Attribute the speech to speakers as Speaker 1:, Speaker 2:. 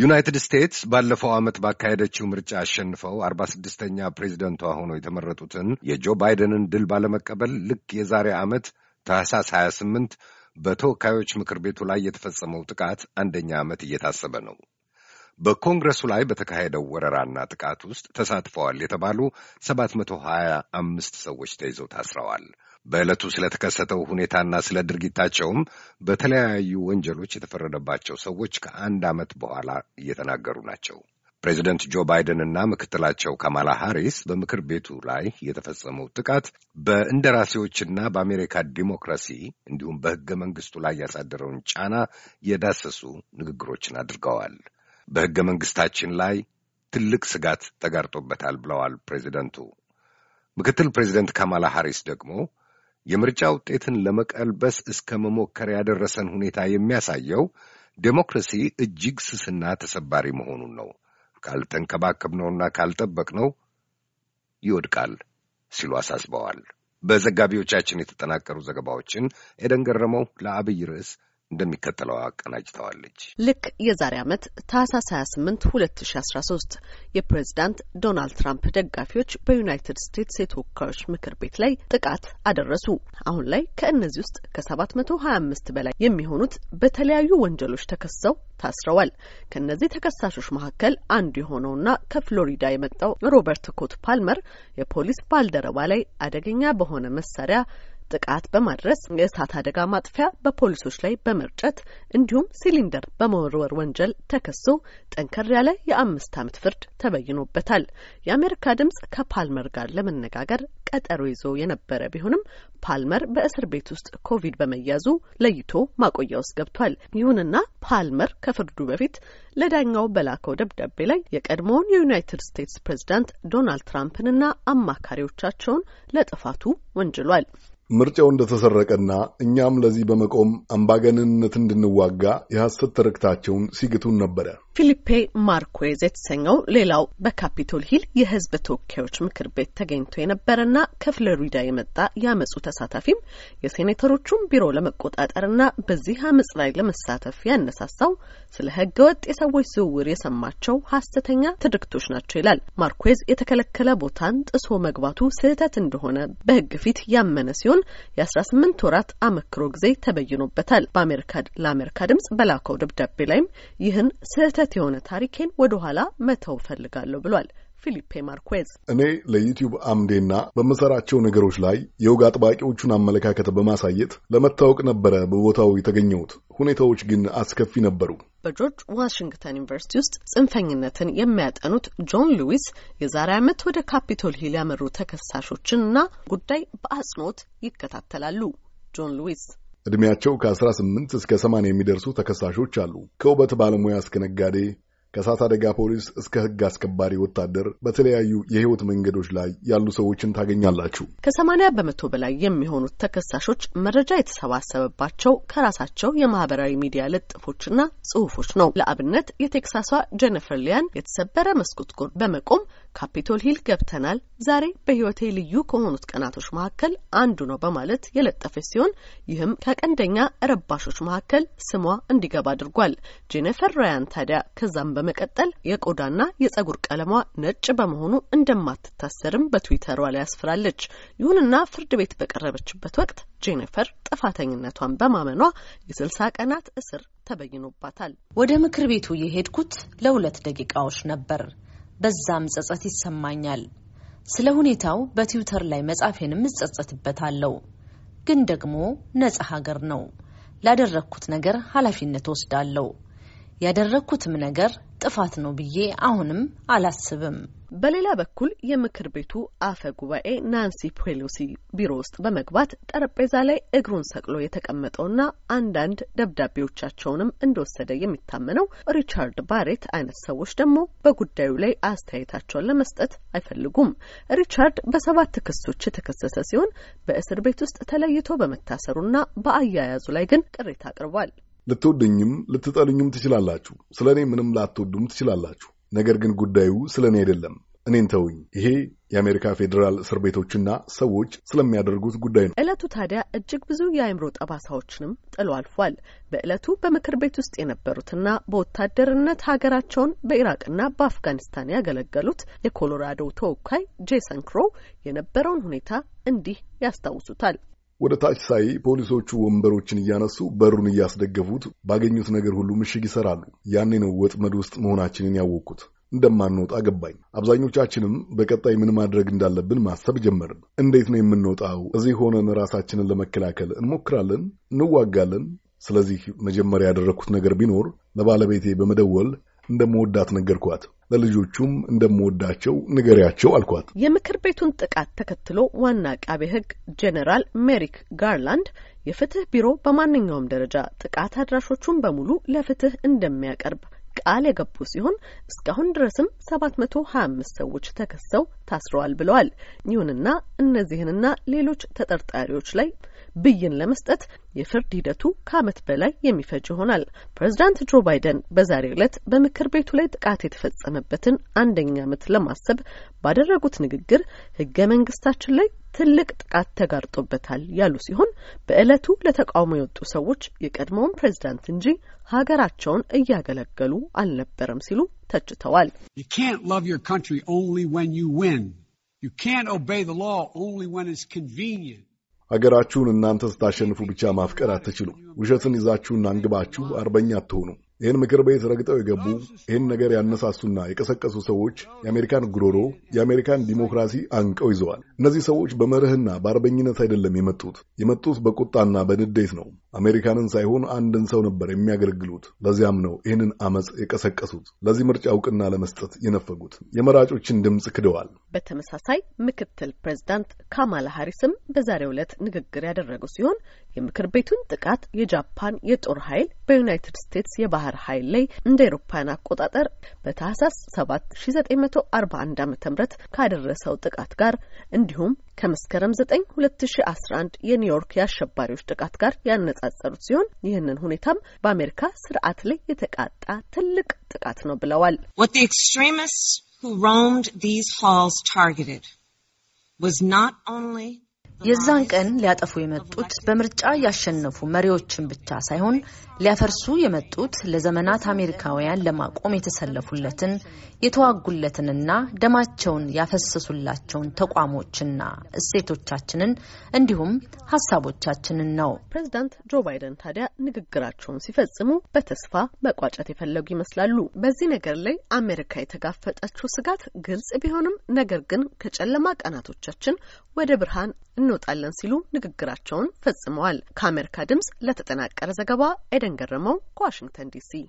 Speaker 1: ዩናይትድ ስቴትስ ባለፈው ዓመት ባካሄደችው ምርጫ አሸንፈው አርባ ስድስተኛ ፕሬዚደንቷ ሆነው የተመረጡትን የጆ ባይደንን ድል ባለመቀበል ልክ የዛሬ ዓመት ታህሳስ 28 በተወካዮች ምክር ቤቱ ላይ የተፈጸመው ጥቃት አንደኛ ዓመት እየታሰበ ነው። በኮንግረሱ ላይ በተካሄደው ወረራና ጥቃት ውስጥ ተሳትፈዋል የተባሉ 725 ሰዎች ተይዘው ታስረዋል። በዕለቱ ስለተከሰተው ሁኔታና ስለ ድርጊታቸውም በተለያዩ ወንጀሎች የተፈረደባቸው ሰዎች ከአንድ ዓመት በኋላ እየተናገሩ ናቸው። ፕሬዚደንት ጆ ባይደን እና ምክትላቸው ካማላ ሃሪስ በምክር ቤቱ ላይ የተፈጸመው ጥቃት በእንደራሴዎችና በአሜሪካ ዲሞክራሲ እንዲሁም በሕገ መንግሥቱ ላይ ያሳደረውን ጫና የዳሰሱ ንግግሮችን አድርገዋል። በሕገ መንግሥታችን ላይ ትልቅ ስጋት ተጋርጦበታል ብለዋል ፕሬዚደንቱ። ምክትል ፕሬዚደንት ካማላ ሃሪስ ደግሞ የምርጫ ውጤትን ለመቀልበስ እስከ መሞከር ያደረሰን ሁኔታ የሚያሳየው ዴሞክራሲ እጅግ ስስና ተሰባሪ መሆኑን ነው። ካልተንከባከብነውና ካልጠበቅነው ይወድቃል ሲሉ አሳስበዋል። በዘጋቢዎቻችን የተጠናቀሩ ዘገባዎችን ኤደን ገረመው ለአብይ ርዕስ እንደሚከተለው አቀናጅተዋለች።
Speaker 2: ልክ የዛሬ ዓመት ታህሳስ 28 2013 የፕሬዚዳንት ዶናልድ ትራምፕ ደጋፊዎች በዩናይትድ ስቴትስ የተወካዮች ምክር ቤት ላይ ጥቃት አደረሱ። አሁን ላይ ከእነዚህ ውስጥ ከ725 በላይ የሚሆኑት በተለያዩ ወንጀሎች ተከሰው ታስረዋል። ከእነዚህ ተከሳሾች መካከል አንዱ የሆነውና ከፍሎሪዳ የመጣው ሮበርት ኮት ፓልመር የፖሊስ ባልደረባ ላይ አደገኛ በሆነ መሳሪያ ጥቃት በማድረስ የእሳት አደጋ ማጥፊያ በፖሊሶች ላይ በመርጨት እንዲሁም ሲሊንደር በመወርወር ወንጀል ተከሶ ጠንከር ያለ የአምስት ዓመት ፍርድ ተበይኖበታል። የአሜሪካ ድምጽ ከፓልመር ጋር ለመነጋገር ቀጠሮ ይዞ የነበረ ቢሆንም ፓልመር በእስር ቤት ውስጥ ኮቪድ በመያዙ ለይቶ ማቆያ ውስጥ ገብቷል። ይሁንና ፓልመር ከፍርዱ በፊት ለዳኛው በላከው ደብዳቤ ላይ የቀድሞውን የዩናይትድ ስቴትስ ፕሬዚዳንት ዶናልድ ትራምፕንና አማካሪዎቻቸውን ለጥፋቱ ወንጅሏል።
Speaker 3: ምርጫው እንደተሰረቀና እኛም ለዚህ በመቆም አምባገነንነት እንድንዋጋ የሐሰት ትርክታቸውን ሲግቱን ነበረ።
Speaker 2: ፊሊፔ ማርኮዝ የተሰኘው ሌላው በካፒቶል ሂል የህዝብ ተወካዮች ምክር ቤት ተገኝቶ የነበረና ከፍሎሪዳ የመጣ የአመፁ ተሳታፊም የሴኔተሮቹን ቢሮ ለመቆጣጠርና በዚህ አመፅ ላይ ለመሳተፍ ያነሳሳው ስለ ህገ ወጥ የሰዎች ዝውውር የሰማቸው ሀሰተኛ ትርክቶች ናቸው ይላል። ማርኮዝ የተከለከለ ቦታን ጥሶ መግባቱ ስህተት እንደሆነ በህግ ፊት ያመነ ሲሆን የአስራ ስምንት ወራት አመክሮ ጊዜ ተበይኖበታል። በአሜሪካ ለአሜሪካ ድምጽ በላከው ደብዳቤ ላይም ይህን ስህተት ስህተት የሆነ ታሪኬን ወደ ኋላ መተው እፈልጋለሁ ብሏል። ፊሊፔ ማርኩዌዝ
Speaker 3: እኔ ለዩቲዩብ አምዴና በምሰራቸው ነገሮች ላይ የወግ አጥባቂዎቹን አመለካከት በማሳየት ለመታወቅ ነበረ በቦታው የተገኘሁት። ሁኔታዎች ግን አስከፊ ነበሩ።
Speaker 2: በጆርጅ ዋሽንግተን ዩኒቨርሲቲ ውስጥ ጽንፈኝነትን የሚያጠኑት ጆን ሉዊስ የዛሬ ዓመት ወደ ካፒቶል ሂል ያመሩ ተከሳሾችንና ጉዳይ በአጽንኦት ይከታተላሉ። ጆን ሉዊስ
Speaker 3: ዕድሜያቸው ከ18 እስከ 80 የሚደርሱ ተከሳሾች አሉ። ከውበት ባለሙያ እስከ ነጋዴ፣ ከእሳት አደጋ ፖሊስ እስከ ሕግ አስከባሪ ወታደር በተለያዩ የሕይወት መንገዶች ላይ ያሉ ሰዎችን ታገኛላችሁ።
Speaker 2: ከሰማንያ በመቶ በላይ የሚሆኑት ተከሳሾች መረጃ የተሰባሰበባቸው ከራሳቸው የማህበራዊ ሚዲያ ልጥፎችና ጽሁፎች ነው። ለአብነት የቴክሳሷ ጄኒፈር ሊያን የተሰበረ መስኮት ጎር በመቆም ካፒቶል ሂል ገብተናል፣ ዛሬ በህይወቴ ልዩ ከሆኑት ቀናቶች መካከል አንዱ ነው በማለት የለጠፈች ሲሆን ይህም ከቀንደኛ ረባሾች መካከል ስሟ እንዲገባ አድርጓል። ጄኒፈር ራያን ታዲያ ከዛም በመቀጠል የቆዳና የጸጉር ቀለሟ ነጭ በመሆኑ እንደማትታሰርም በትዊተሯ ላይ አስፍራለች። ይሁንና ፍርድ ቤት በቀረበችበት ወቅት ጄኒፈር ጥፋተኝነቷን በማመኗ የስልሳ ቀናት እስር ተበይኖባታል። ወደ ምክር ቤቱ የሄድኩት ለሁለት ደቂቃዎች ነበር። በዛም ጸጸት ይሰማኛል። ስለ ሁኔታው በትዊተር ላይ መጻፌንም እጸጸትበታለሁ። ግን ደግሞ ነጻ ሀገር ነው። ላደረግኩት ነገር ኃላፊነት ወስዳለሁ። ያደረግኩትም ነገር ጥፋት ነው ብዬ አሁንም አላስብም። በሌላ በኩል የምክር ቤቱ አፈ ጉባኤ ናንሲ ፔሎሲ ቢሮ ውስጥ በመግባት ጠረጴዛ ላይ እግሩን ሰቅሎ የተቀመጠውና አንዳንድ ደብዳቤዎቻቸውንም እንደወሰደ የሚታመነው ሪቻርድ ባሬት አይነት ሰዎች ደግሞ በጉዳዩ ላይ አስተያየታቸውን ለመስጠት አይፈልጉም። ሪቻርድ በሰባት ክሶች የተከሰሰ ሲሆን በእስር ቤት ውስጥ ተለይቶ በመታሰሩና በአያያዙ ላይ ግን ቅሬታ አቅርቧል።
Speaker 3: ልትወዱኝም ልትጠሉኝም ትችላላችሁ። ስለ እኔ ምንም ላትወዱም ትችላላችሁ ነገር ግን ጉዳዩ ስለ እኔ አይደለም። እኔን ተውኝ። ይሄ የአሜሪካ ፌዴራል እስር ቤቶችና ሰዎች ስለሚያደርጉት ጉዳይ ነው።
Speaker 2: እለቱ ታዲያ እጅግ ብዙ የአእምሮ ጠባሳዎችንም ጥሎ አልፏል። በእለቱ በምክር ቤት ውስጥ የነበሩትና በወታደርነት ሀገራቸውን በኢራቅና በአፍጋኒስታን ያገለገሉት የኮሎራዶ ተወካይ ጄሰን ክሮው የነበረውን ሁኔታ እንዲህ ያስታውሱታል።
Speaker 3: ወደ ታች ሳይ ፖሊሶቹ ወንበሮችን እያነሱ በሩን እያስደገፉት ባገኙት ነገር ሁሉ ምሽግ ይሰራሉ። ያኔ ነው ወጥመድ ውስጥ መሆናችንን ያወቅኩት። እንደማንወጣ ገባኝ። አብዛኞቻችንም በቀጣይ ምን ማድረግ እንዳለብን ማሰብ ጀመርን። እንዴት ነው የምንወጣው? እዚህ ሆነን ራሳችንን ለመከላከል እንሞክራለን፣ እንዋጋለን። ስለዚህ መጀመሪያ ያደረግኩት ነገር ቢኖር ለባለቤቴ በመደወል እንደምወዳት ነገርኳት። ለልጆቹም እንደምወዳቸው ንገሪያቸው አልኳት።
Speaker 2: የምክር ቤቱን ጥቃት ተከትሎ ዋና አቃቤ ሕግ ጄኔራል ሜሪክ ጋርላንድ የፍትህ ቢሮ በማንኛውም ደረጃ ጥቃት አድራሾቹን በሙሉ ለፍትህ እንደሚያቀርብ ቃል የገቡ ሲሆን እስካሁን ድረስም አምስት ሰዎች ተከሰው ታስረዋል ብለዋል። ይሁንና እነዚህንና ሌሎች ተጠርጣሪዎች ላይ ብይን ለመስጠት የፍርድ ሂደቱ ከዓመት በላይ የሚፈጅ ይሆናል። ፕሬዚዳንት ጆ ባይደን በዛሬው ዕለት በምክር ቤቱ ላይ ጥቃት የተፈጸመበትን አንደኛ ዓመት ለማሰብ ባደረጉት ንግግር ህገ መንግስታችን ላይ ትልቅ ጥቃት ተጋርጦበታል ያሉ ሲሆን በዕለቱ ለተቃውሞ የወጡ ሰዎች የቀድሞውን ፕሬዚዳንት እንጂ ሀገራቸውን እያገለገሉ አልነበረም ሲሉ ተችተዋል።
Speaker 1: You can't obey the law only when it's convenient.
Speaker 3: ሀገራችሁን እናንተ ስታሸንፉ ብቻ ማፍቀር አትችሉም። ውሸትን ይዛችሁና አንግባችሁ አርበኛ አትሆኑም። ይህን ምክር ቤት ረግጠው የገቡ ይህን ነገር ያነሳሱና የቀሰቀሱ ሰዎች የአሜሪካን ጉሮሮ፣ የአሜሪካን ዲሞክራሲ አንቀው ይዘዋል። እነዚህ ሰዎች በመርህና በአርበኝነት አይደለም የመጡት። የመጡት በቁጣና በንዴት ነው። አሜሪካንን ሳይሆን አንድን ሰው ነበር የሚያገለግሉት። ለዚያም ነው ይህንን አመፅ የቀሰቀሱት፣ ለዚህ ምርጫ እውቅና ለመስጠት የነፈጉት። የመራጮችን ድምፅ ክደዋል።
Speaker 2: በተመሳሳይ ምክትል ፕሬዚዳንት ካማላ ሀሪስም በዛሬው ዕለት ንግግር ያደረጉ ሲሆን የምክር ቤቱን ጥቃት የጃፓን የጦር ኃይል በዩናይትድ ስቴትስ የባህል የባህር ኃይል ላይ እንደ ኤሮፓያን አቆጣጠር በታህሳስ 7 1941 ዓ ም ካደረሰው ጥቃት ጋር እንዲሁም ከመስከረም 9 2011 የኒውዮርክ የአሸባሪዎች ጥቃት ጋር ያነጻጸሩት ሲሆን ይህንን ሁኔታም በአሜሪካ ስርዓት ላይ የተቃጣ ትልቅ ጥቃት ነው ብለዋል። who roamed these halls targeted was not only የዛን ቀን ሊያጠፉ የመጡት በምርጫ ያሸነፉ መሪዎችን ብቻ ሳይሆን ሊያፈርሱ የመጡት ለዘመናት አሜሪካውያን ለማቆም የተሰለፉለትን የተዋጉለትንና ደማቸውን ያፈሰሱላቸውን ተቋሞችና እሴቶቻችንን እንዲሁም ሀሳቦቻችንን ነው። ፕሬዚዳንት ጆ ባይደን ታዲያ ንግግራቸውን ሲፈጽሙ በተስፋ መቋጨት የፈለጉ ይመስላሉ። በዚህ ነገር ላይ አሜሪካ የተጋፈጠችው ስጋት ግልጽ ቢሆንም ነገር ግን ከጨለማ ቀናቶቻችን ወደ ብርሃን እንወጣለን ሲሉ ንግግራቸውን ፈጽመዋል። ከአሜሪካ ድምጽ ለተጠናቀረ ዘገባ ኤደን ገረመው ከዋሽንግተን ዲሲ